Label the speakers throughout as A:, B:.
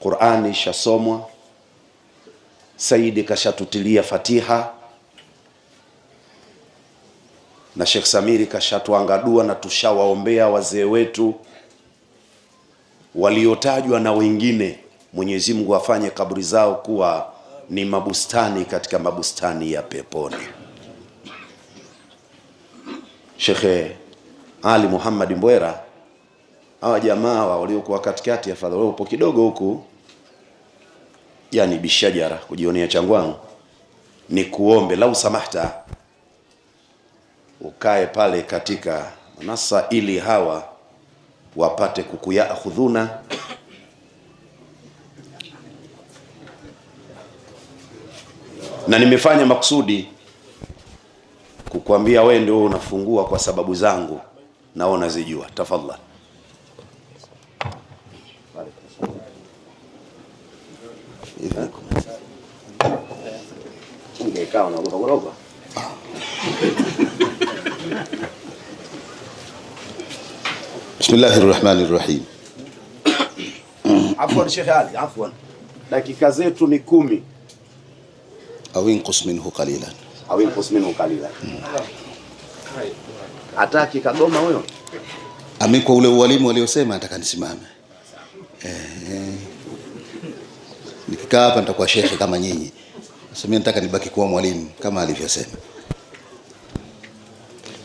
A: Qurani ishasomwa, Saidi kashatutilia fatiha na Sheikh Samiri kashatuanga dua na tushawaombea wazee wetu waliotajwa na wengine. Mwenyezi Mungu afanye kaburi zao kuwa ni mabustani katika mabustani ya peponi. Shekhe Ali Muhammad Mbwera, hawa jamaa waliokuwa katikati, afadhali upo kidogo huku yani bishajara, kujionea changwangu, ni kuombe lau samahta, ukae pale katika manasa ili hawa wapate kukuyakhudhuna na nimefanya makusudi kukuambia wewe ndio unafungua kwa sababu zangu naona zijua. Tafadhali. Ningekaa unaogopa kuroga. Bismillahir Rahmanir Rahim.
B: Afwan Sheikh Ali, afwan. Dakika zetu ni kumi.
A: Au minhu qalilan.
B: Au minhu qalilan. Hmm. Hataki Kagoma huyo?
A: Amekwa ule ualimu aliyosema ataka nisimame. nikifika hapa nitakuwa shekhe kama nyinyi. Sasa mimi nataka nibaki kuwa mwalimu kama alivyosema.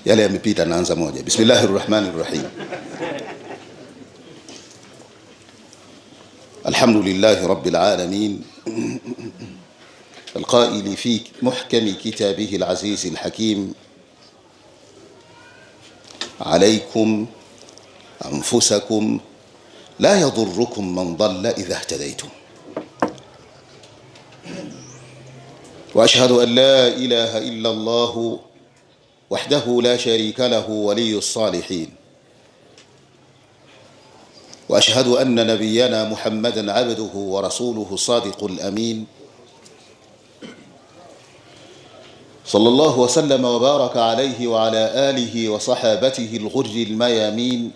A: Yale yamepita, naanza moja. Bismillahir Rahmanir Rahim. الحمد لله رب العالمين القائل في محكم كتابه العزيز الحكيم عليكم أنفسكم لا يضركم من ضل إذا اهتديتم واشهد ان لا اله الا الله وحده لا شريك له ولي الصالحين واشهد ان نبينا محمدا عبده ورسوله الصادق الامين صلى الله وسلم وبارك عليه وعلى اله وصحابته الغر الميامين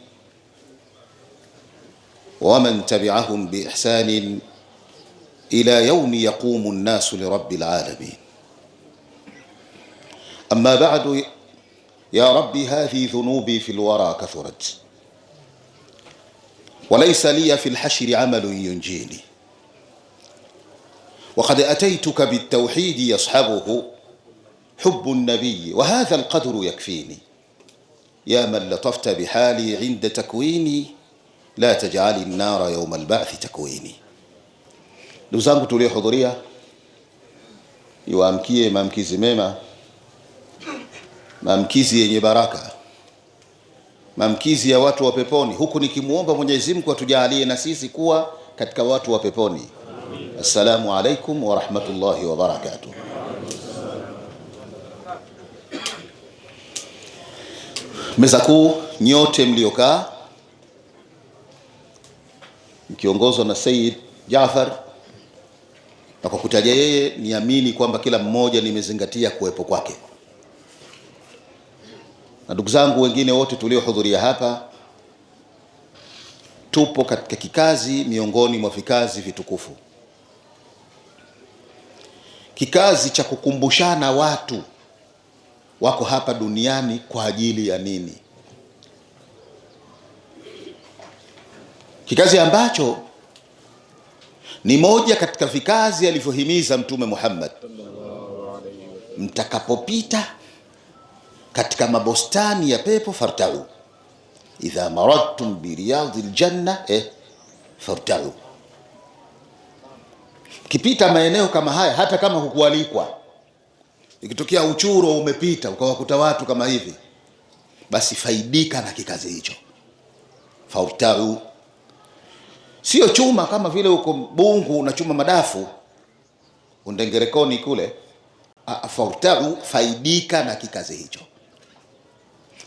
A: ومن تبعهم باحسان إلى يوم يقوم الناس لرب العالمين أما بعد يا رب هذه ذنوبي في الورى كثرت وليس لي في الحشر عمل ينجيني وقد أتيتك بالتوحيد يصحبه حب النبي وهذا القدر يكفيني يا من لطفت بحالي عند تكويني لا تجعل النار يوم البعث تكويني Ndugu zangu tuliohudhuria, niwaamkie maamkizi mema, maamkizi yenye baraka, maamkizi ya watu wa peponi, huku nikimwomba Mwenyezi Mungu atujalie na sisi kuwa katika watu wa peponi. Assalamu alaikum wa rahmatullahi wa barakatuh. Meza kuu, nyote mliokaa mkiongozwa na Said jafar na kwa kutaja yeye niamini kwamba kila mmoja nimezingatia kuwepo kwake, na ndugu zangu wengine wote tuliohudhuria hapa, tupo katika kikazi miongoni mwa vikazi vitukufu, kikazi cha kukumbushana watu wako hapa duniani kwa ajili ya nini, kikazi ambacho ni moja katika vikazi alivyohimiza Mtume Muhammad, mtakapopita katika mabostani ya pepo fartau idha maradtum bi ljanna eh, fartau, kipita maeneo kama haya, hata kama hukualikwa, ikitokea uchuro umepita ukawakuta watu kama hivi, basi faidika na kikazi hicho fartau sio chuma kama vile uko Bungu na chuma madafu undengerekoni kule. Fautau, faidika na kikazi hicho.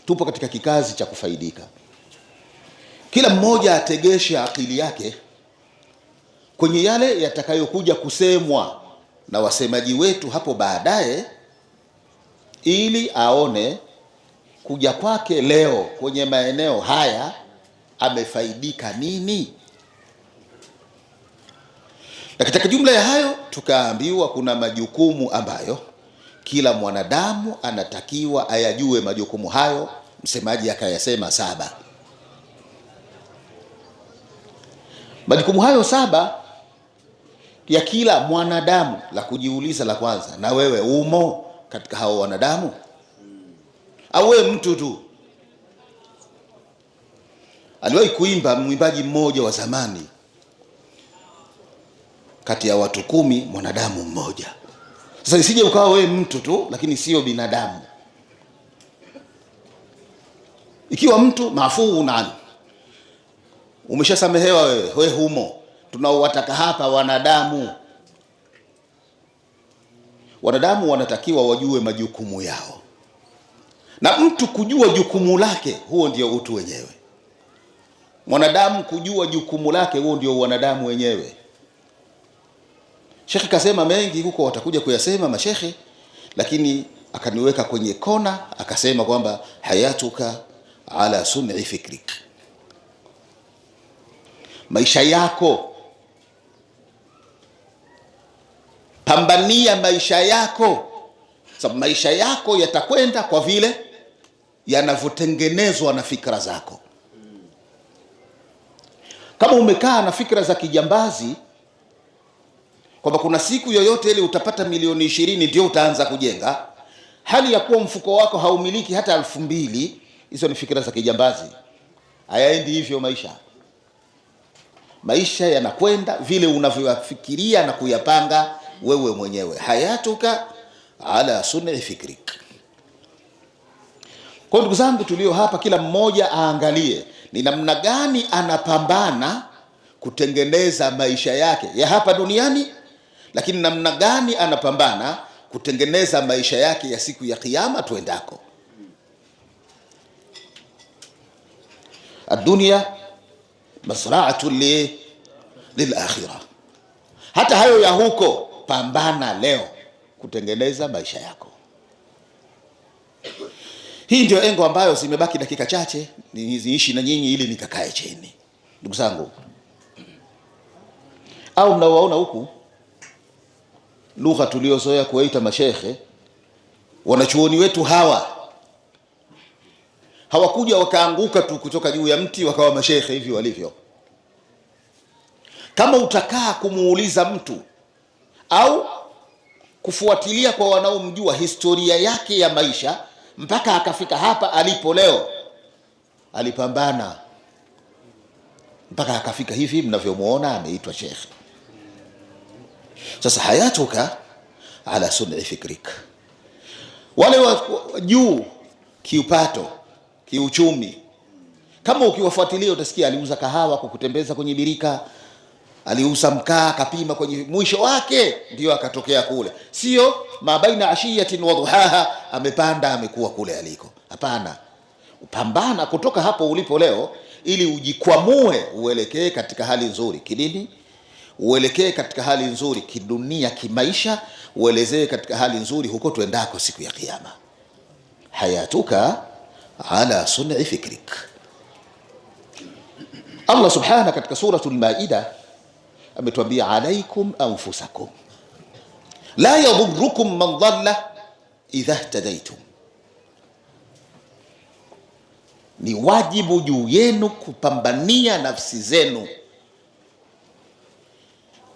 A: Tupo katika kikazi cha kufaidika, kila mmoja ategeshe akili yake kwenye yale yatakayokuja kusemwa na wasemaji wetu hapo baadaye, ili aone kuja kwake leo kwenye maeneo haya amefaidika nini. Na katika jumla ya hayo tukaambiwa kuna majukumu ambayo kila mwanadamu anatakiwa ayajue majukumu hayo, msemaji akayasema saba. Majukumu hayo saba ya kila mwanadamu, la kujiuliza la kwanza, na wewe umo katika hao wanadamu au wewe mtu tu? Aliwahi kuimba mwimbaji mmoja wa zamani kati ya watu kumi mwanadamu mmoja. Sasa isije ukawa wewe mtu tu, lakini sio binadamu. Ikiwa mtu mafuu nani, umeshasamehewa wewe, we humo. Tunaowataka hapa wanadamu, wanadamu wanatakiwa wajue majukumu yao, na mtu kujua jukumu lake, huo ndio utu wenyewe. Mwanadamu kujua jukumu lake, huo ndio wanadamu wenyewe. Shekhe kasema mengi huko, watakuja kuyasema mashekhe, lakini akaniweka kwenye kona, akasema kwamba hayatuka ala suni fikrik, maisha yako pambania maisha yako, sababu maisha yako yatakwenda kwa vile yanavyotengenezwa na fikra zako. Kama umekaa na fikra za kijambazi kwamba kuna siku yoyote ile utapata milioni ishirini ndio utaanza kujenga, hali ya kuwa mfuko wako haumiliki hata elfu mbili. Hizo ni fikira za kijambazi, hayaendi hivyo maisha. Maisha yanakwenda vile unavyoyafikiria na kuyapanga wewe mwenyewe. hayatuka ala sun'i fikrik. Kwa ndugu zangu tulio hapa, kila mmoja aangalie ni namna gani anapambana kutengeneza maisha yake ya hapa duniani lakini namna gani anapambana kutengeneza maisha yake ya siku ya kiyama tuendako. Adunia masraatu li lilakhira, hata hayo ya huko, pambana leo kutengeneza maisha yako. Hii ndio engo ambayo zimebaki dakika chache niziishi na nyinyi ili nikakae chini, ndugu zangu, au mnaowaona huku lugha tuliozoea kuwaita mashekhe, wanachuoni wetu hawa hawakuja wakaanguka tu kutoka juu ya mti wakawa mashekhe hivi walivyo. Kama utakaa kumuuliza mtu au kufuatilia kwa wanaomjua historia yake ya maisha mpaka akafika hapa alipo leo, alipambana mpaka akafika hivi mnavyomwona, ameitwa shekhe. Sasa hayatuka ala suni fikrik, wale wa juu kiupato kiuchumi, kama ukiwafuatilia utasikia aliuza kahawa kukutembeza kwenye birika, aliuza mkaa kapima kwenye mwisho wake, ndio akatokea kule, sio mabaina ashiyatin wa amepanda amekuwa kule aliko. Hapana, upambana kutoka hapo ulipo leo, ili ujikwamue uelekee katika hali nzuri kidini uelekee katika hali nzuri kidunia, kimaisha, uelezee katika hali nzuri huko tuendako siku ya Kiyama. hayatuka ala suni fikrik. Allah subhana katika surat Maida ametuambia alaikum anfusakum la yadhurukum man dhalla idha htadaitum, ni wajibu juu yenu kupambania nafsi zenu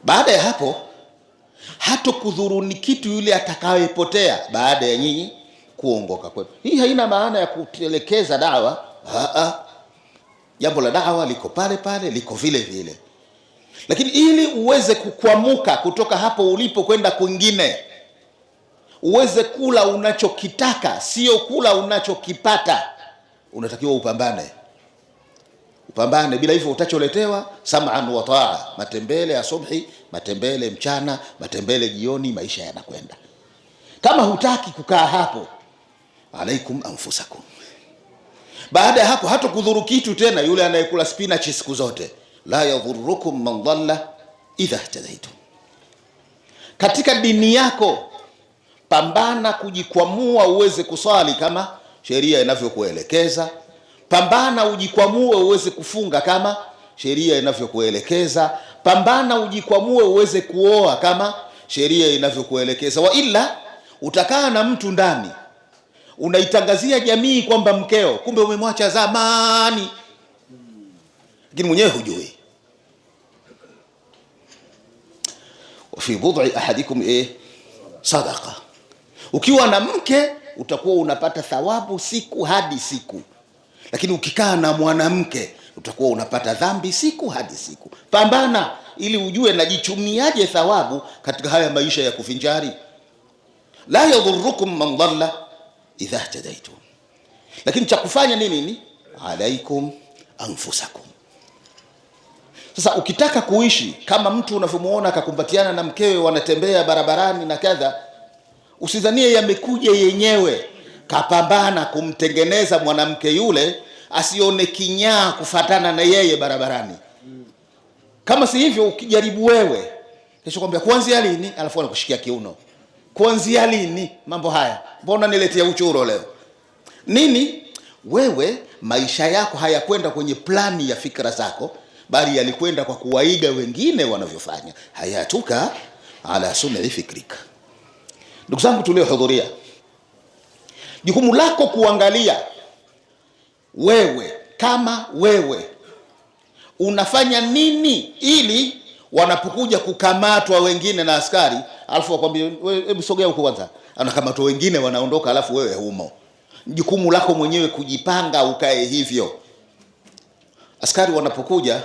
A: baada ya hapo hato kudhuruni kitu yule atakayepotea baada ya nyinyi kuongoka kwetu. Hii haina maana ya kutelekeza dawa. Jambo la dawa liko pale pale, liko vile vile, lakini ili uweze kukwamuka kutoka hapo ulipo kwenda kwingine, uweze kula unachokitaka, sio kula unachokipata. Unatakiwa upambane, upambane. Bila hivyo utacholetewa sam'an wa taa, matembele ya subhi matembele mchana, matembele jioni, maisha yanakwenda. Kama hutaki kukaa hapo, alaikum anfusakum. Baada ya hapo hata kudhuru kitu tena. Yule anayekula spinach siku zote, la yadhurrukum man dhalla idha htadaitum. Katika dini yako pambana kujikwamua uweze kuswali kama sheria inavyokuelekeza. Pambana ujikwamue uweze kufunga kama sheria inavyokuelekeza pambana, ujikwamue uweze kuoa kama sheria inavyokuelekeza, wa ila utakaa na mtu ndani unaitangazia jamii kwamba mkeo, kumbe umemwacha zamani, lakini mwenyewe hujui. fi bud'i ahadikum eh, sadaka Ukiwa na mke utakuwa unapata thawabu siku hadi siku, lakini ukikaa na mwanamke utakuwa unapata dhambi siku hadi siku. Pambana ili ujue najichumiaje thawabu katika haya maisha ya kufinjari. La yadhurukum man dhalla idha tadaitum, lakini cha kufanya ni nini? Alaikum anfusakum. Sasa ukitaka kuishi kama mtu unavyomuona akakumbatiana na mkewe, wanatembea barabarani na kadha, usidhanie yamekuja yenyewe. Kapambana kumtengeneza mwanamke yule asione kinyaa kufatana na yeye barabarani. Kama si hivyo, ukijaribu wewe kesho kwambia kuanzia lini, alafu anakushikia kiuno, kuanzia lini? Mambo haya mbona niletea uchoro leo nini? Wewe maisha yako hayakwenda kwenye plani ya fikra zako, bali yalikwenda kwa kuwaiga wengine wanavyofanya. hayatuka ala sunai fikrika. Ndugu zangu tuliohudhuria, jukumu lako kuangalia wewe kama wewe unafanya nini ili wanapokuja kukamatwa wengine na askari, alafu wakwambie hebu sogea huko kwanza, anakamatwa wengine wanaondoka, alafu wewe humo. Jukumu lako mwenyewe kujipanga, ukae hivyo. Askari wanapokuja,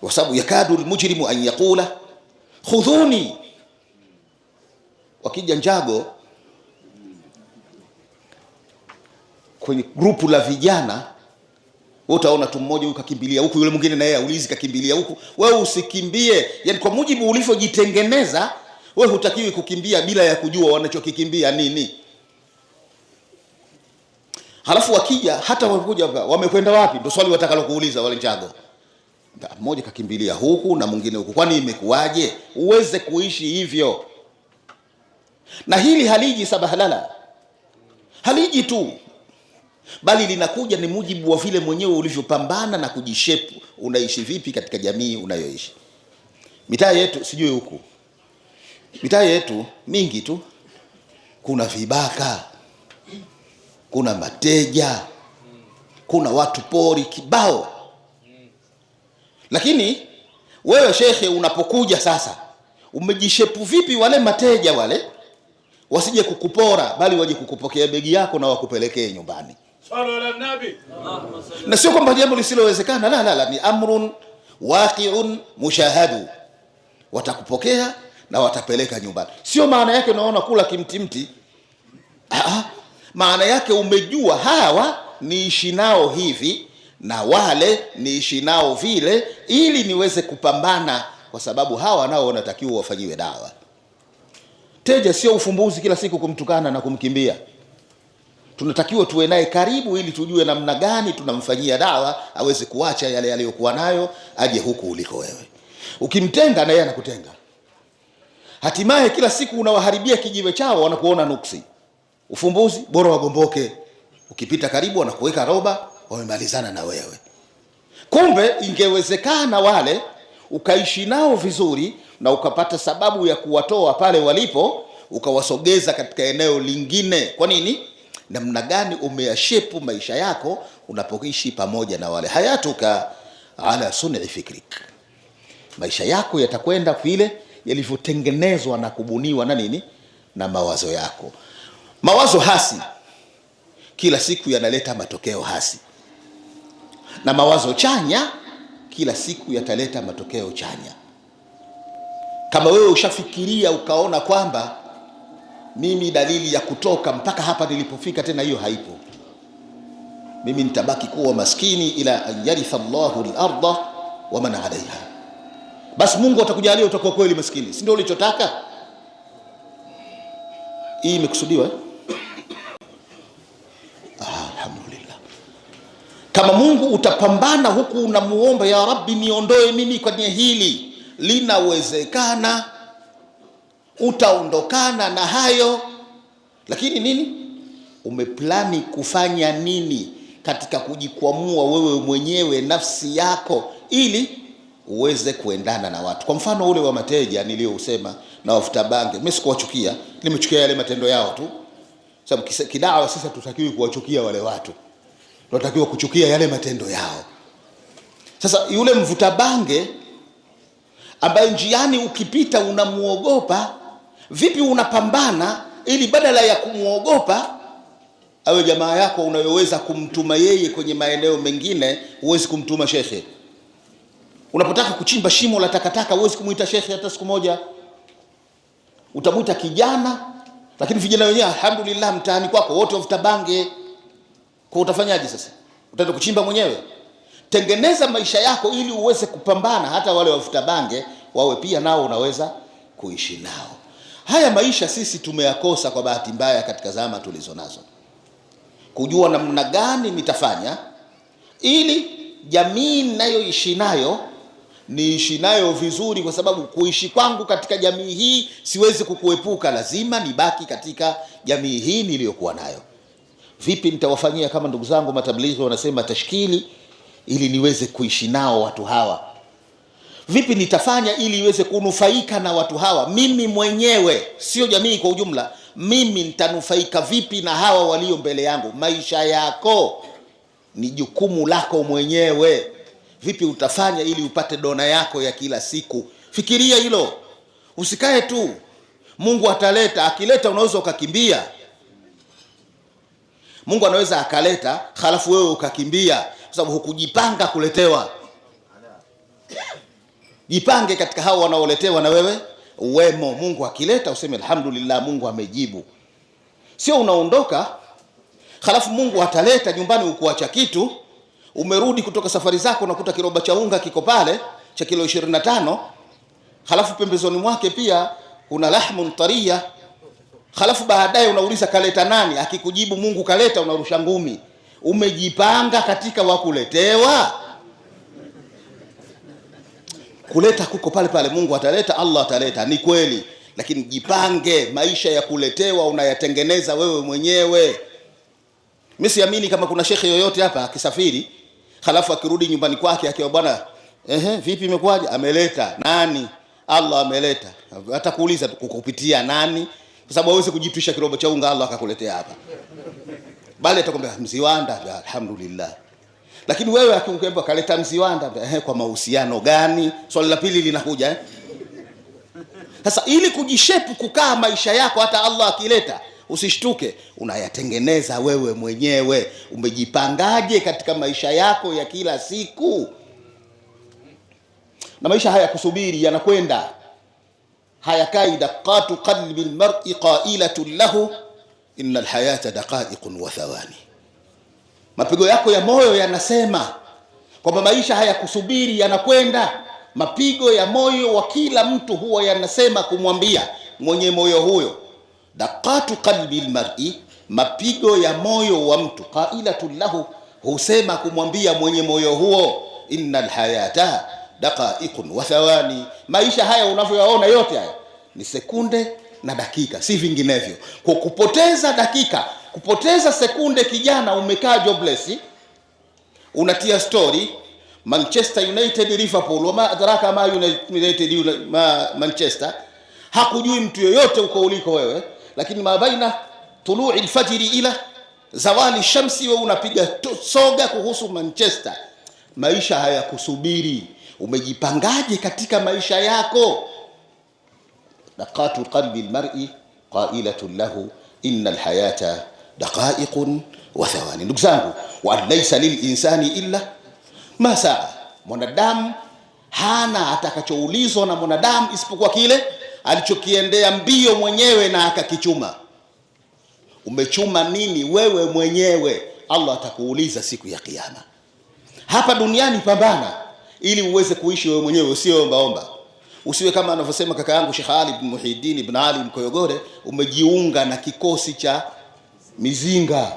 A: kwa sababu yakadu lmujrimu an yaqula khudhuni, wakija Njago kwenye grupu la vijana utaona tu mmoja huyu kakimbilia huku, yule mwingine naye aulizi kakimbilia huku. Wewe usikimbie, yani kwa mujibu ulivyojitengeneza wewe, hutakiwi kukimbia bila ya kujua wanachokikimbia nini. Halafu wakija hata wamekuja wamekwenda wapi, ndio swali watakalo kuuliza wale Njago. Mmoja kakimbilia huku na mwingine huku, kwani imekuwaje? Uweze kuishi hivyo, na hili haliji sabahalala, haliji tu bali linakuja ni mujibu wa vile mwenyewe ulivyopambana na kujishepu. Unaishi vipi katika jamii unayoishi? Mitaa yetu sijui huku, mitaa yetu mingi tu, kuna vibaka, kuna mateja, kuna watu pori kibao. Lakini wewe shekhe, unapokuja sasa, umejishepu vipi wale mateja wale wasije kukupora, bali waje kukupokea begi yako na wakupelekee nyumbani? na sio kwamba jambo lisilowezekana. La, la, la, ni amrun waqiun mushahadu, watakupokea na watapeleka nyumbani. Sio maana yake unaona kula kimtimti. maana yake umejua hawa niishi nao hivi na wale niishi nao vile, ili niweze kupambana, kwa sababu hawa nao wanatakiwa wafanyiwe dawa. Teja sio ufumbuzi kila siku kumtukana na kumkimbia tunatakiwa tuwe naye karibu, ili tujue namna gani tunamfanyia dawa aweze kuacha yale aliyokuwa nayo, aje huku uliko wewe. Ukimtenga na yeye anakutenga, hatimaye kila siku unawaharibia kijiwe chao, wanakuona nuksi. Ufumbuzi bora wagomboke, ukipita karibu wanakuweka roba, wamemalizana na wewe. Kumbe ingewezekana wale ukaishi nao vizuri na ukapata sababu ya kuwatoa pale walipo ukawasogeza katika eneo lingine. Kwa nini? namna gani umeyashepu maisha yako unapoishi pamoja na wale. Hayatuka ala suni fikrik, maisha yako yatakwenda vile yalivyotengenezwa na kubuniwa na nini na mawazo yako. Mawazo hasi kila siku yanaleta matokeo hasi, na mawazo chanya kila siku yataleta matokeo chanya. Kama wewe ushafikiria ukaona kwamba mimi dalili ya kutoka mpaka hapa nilipofika tena hiyo haipo. Mimi nitabaki kuwa maskini ila an yaritha Allahu al-ardha wa man alaiha. Basi Mungu atakujalia utakuwa kweli maskini, si ndio ulichotaka? Hii imekusudiwa. Eh? Ah, alhamdulillah. Kama Mungu utapambana huku unamuomba, ya Rabbi, niondoe mimi kwenye hili, linawezekana utaondokana na hayo. Lakini nini, umeplani kufanya nini katika kujikwamua wewe mwenyewe nafsi yako, ili uweze kuendana na watu. Kwa mfano ule wa mateja niliyousema na wafuta bange, mimi sikuwachukia, nimechukia yale matendo yao tu, sababu kidawa sasa tutakiwi kuwachukia wale watu, tunatakiwa kuchukia yale matendo yao. Sasa yule mvuta bange ambaye njiani ukipita unamuogopa Vipi unapambana ili badala ya kumwogopa awe jamaa yako unayoweza kumtuma yeye kwenye maeneo mengine, huwezi kumtuma shekhe. Unapotaka kuchimba shimo la takataka, huwezi kumwita shekhe hata siku moja, utamwita kijana. Lakini vijana wenyewe alhamdulillah, mtaani kwako wote wavutabange, kwa utafanyaje sasa? Utaenda kuchimba mwenyewe? Tengeneza maisha yako ili uweze kupambana, hata wale wavutabange wawe pia nao unaweza kuishi nao. Haya maisha sisi tumeyakosa kwa bahati mbaya katika zama tulizo nazo, kujua namna gani nitafanya ili jamii ninayoishi nayo niishi nayo vizuri, kwa sababu kuishi kwangu katika jamii hii siwezi kukuepuka, lazima nibaki katika jamii hii niliyokuwa nayo. Vipi nitawafanyia kama ndugu zangu matablighi wanasema tashkili, ili niweze kuishi nao watu hawa vipi nitafanya ili iweze kunufaika na watu hawa, mimi mwenyewe, sio jamii kwa ujumla. Mimi nitanufaika vipi na hawa walio mbele yangu? Maisha yako ni jukumu lako mwenyewe. Vipi utafanya ili upate dona yako ya kila siku? Fikiria hilo, usikae tu. Mungu ataleta, akileta unaweza ukakimbia. Mungu anaweza akaleta halafu wewe ukakimbia, kwa sababu hukujipanga kuletewa. Jipange katika hao wanaoletewa na wewe wemo. Mungu akileta useme alhamdulillah, Mungu amejibu. Sio unaondoka halafu Mungu ataleta nyumbani, ukuacha kitu. Umerudi kutoka safari zako, unakuta kiroba cha unga kiko pale cha kilo 25, halafu pembezoni mwake pia kuna lahmu tariya, halafu baadaye unauliza kaleta nani? Akikujibu Mungu kaleta, unarusha ngumi. Umejipanga katika wakuletewa kuleta kuko pale pale, Mungu ataleta, Allah ataleta, ni kweli, lakini jipange. Maisha ya kuletewa unayatengeneza wewe mwenyewe. Mimi siamini kama kuna shekhe yoyote hapa akisafiri halafu akirudi nyumbani kwake akiwa bwana, ehe, vipi, imekwaje? Ameleta nani? Allah ameleta. Atakuuliza kukupitia nani? Kwa sababu hawezi kujitwisha kirobo cha unga Allah akakuletea hapa, bali atakwambia mziwanda, alhamdulillah lakini wewe akimkwambia kaleta Mziwanda eh, kwa mahusiano gani? Swali la pili linakuja eh. Sasa ili kujishepu kukaa maisha yako, hata Allah akileta usishtuke, unayatengeneza wewe mwenyewe. Umejipangaje katika maisha yako ya kila siku? Na maisha haya kusubiri yanakwenda, hayakai. Daqatu qalbi lmari qailatun lahu in lhayata daqaiqun wa thawani Mapigo yako ya moyo yanasema kwamba maisha hayakusubiri, yanakwenda. Mapigo ya moyo wa kila mtu huwa yanasema kumwambia mwenye moyo huyo, daqatu qalbi almar'i, mapigo ya moyo wa mtu, qailatu lahu, husema kumwambia mwenye moyo huo, innal hayata daqaiqun wa thawani, maisha haya unavyoyaona yote haya ni sekunde na dakika, si vinginevyo. Kwa kupoteza dakika kupoteza sekunde, kijana umekaa jobless, unatia story Manchester United, Liverpool, wama adraka ma United, ma Manchester, hakujui mtu yoyote uko uliko wewe, lakini mabaina tului alfajiri ila zawali shamsi, wewe unapiga soga kuhusu Manchester. Maisha hayakusubiri. Umejipangaje katika maisha yako? daqatu qalbi almar'i qailatun lahu inna alhayata daqaiqun wa thawani. Ndugu zangu, wa laisa lilinsani illa ma saa, mwanadamu hana atakachoulizwa na mwanadamu isipokuwa kile alichokiendea mbio mwenyewe na akakichuma. Umechuma nini wewe mwenyewe? Allah atakuuliza siku ya Kiyama. Hapa duniani pambana ili uweze kuishi wewe mwenyewe, usioombaomba, usiwe kama anavyosema kaka yangu Sheikh Ali bin Muhiddin bin Ali Mkoyogore, umejiunga na kikosi cha mizinga.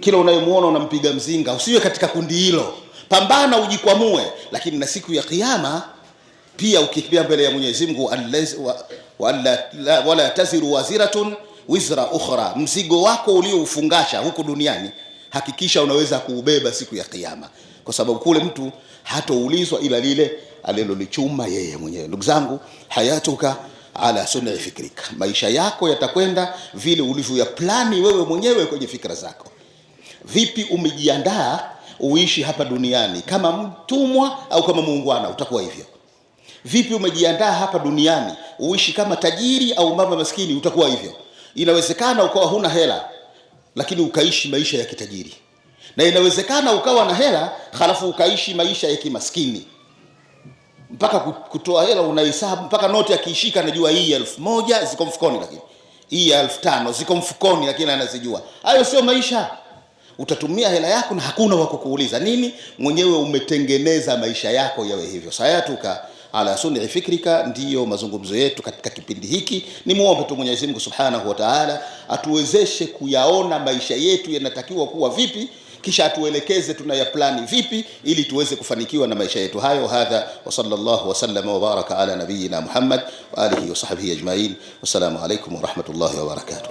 A: Kila unayemwona unampiga mzinga, usiwe katika kundi hilo. Pambana ujikwamue, lakini na siku ya Kiyama pia ukikimbia mbele ya Mwenyezi Mungu, wala taziru waziratun wizra ukhra, mzigo wako ulioufungasha huku duniani hakikisha unaweza kuubeba siku ya Kiyama, kwa sababu kule mtu hatoulizwa ila lile alilolichuma yeye mwenyewe. Ndugu zangu, hayatuka ala sunna fikrika, maisha yako yatakwenda vile plani wewe mwenyewe kwenye fikra zako. Vipi umejiandaa uishi hapa duniani kama mtumwa au kama muungwana? Utakuwa hivyo. Vipi umejiandaa hapa duniani uishi kama tajiri au mama maskini? Utakuwa hivyo. Inawezekana ukawa huna hela lakini ukaishi maisha ya kitajiri, na inawezekana ukawa na hela halafu ukaishi maisha ya kimaskini mpaka kutoa hela unahesabu, mpaka noti akiishika anajua hii elfu moja ziko mfukoni, lakini hii elfu tano ziko mfukoni, lakini anazijua. Hayo sio maisha. Utatumia hela yako na hakuna wa kukuuliza nini, mwenyewe umetengeneza maisha yako yawe hivyo. Sayatuka ala suni fikrika, ndiyo mazungumzo yetu katika kipindi hiki. Ni muombe tu Mwenyezi Mungu subhanahu wa taala atuwezeshe kuyaona maisha yetu yanatakiwa kuwa vipi kisha atuelekeze plani vipi ili tuweze kufanikiwa na maisha yetu hayo. Hadha wa sallallahu wa sallam wa baraka ala nabiyina Muhammad wa alihi wa sahbihi ajma'in. Wassalamu alaykum wa rahmatullahi wa barakatuh.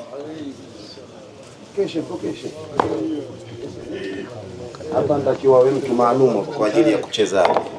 A: Hapa ndakiwa wewe mtu kwa ajili ya kucheza.